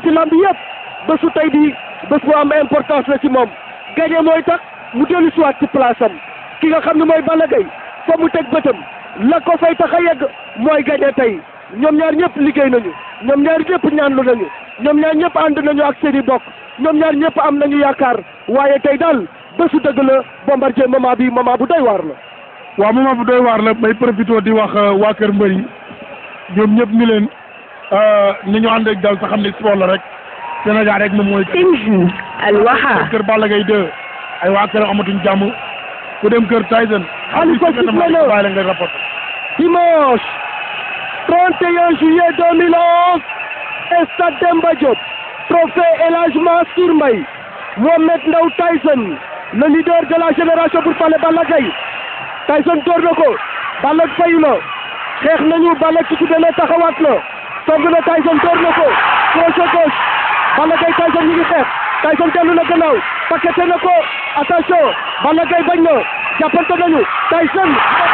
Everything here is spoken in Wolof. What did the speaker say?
ci lamb yëpp bésu tey bi bés bu am importance la ci moom gagné mooy tax mu dellu siwaat ci place am ki nga xam ne mooy Balla Gaye fa mu teg bëtam la ko fay tax a yegg mooy gagné tey ñoom ñaar ñëpp liggéey nañu ñoom ñaar ñaan lu nañu ñoom ñaar ñëpp ànd nañu ak seen i bokk ñoom ñaar ñëpp am nañu yaakaar waaye tey daal bésu dëgg la Bombardier moment bi moment bu doy waar la waaw moment bu doy waar la may profité di wax euh, waa kër mbër yi ñoom ñëpp ñu leen Euh, nañu ànd ak dal sa xam ne sport la rek Sénégal rek moom mooy. toujours alwaxa kër Balla Gaye 2 ay waa kër amatuñ jàmm ku dem kër Tyson. xaalis ko si mënoo la ngay rapporté. dimanche 31 juillet 2011 stade Demba Diop. trophée El Hadj Mansour Mbaye Mohamed Ndao Tyson le leader de la génération pour parler Balla Gaye Tyson door na ko Balla fayu ci ku demee taxawaat song a Tyson door na ko crochet gauche oh, Balla Gaye Tyson ñu ngi xeex na gannaaw paqueté na ko attention Balla bañ na jàppante nañu Tyson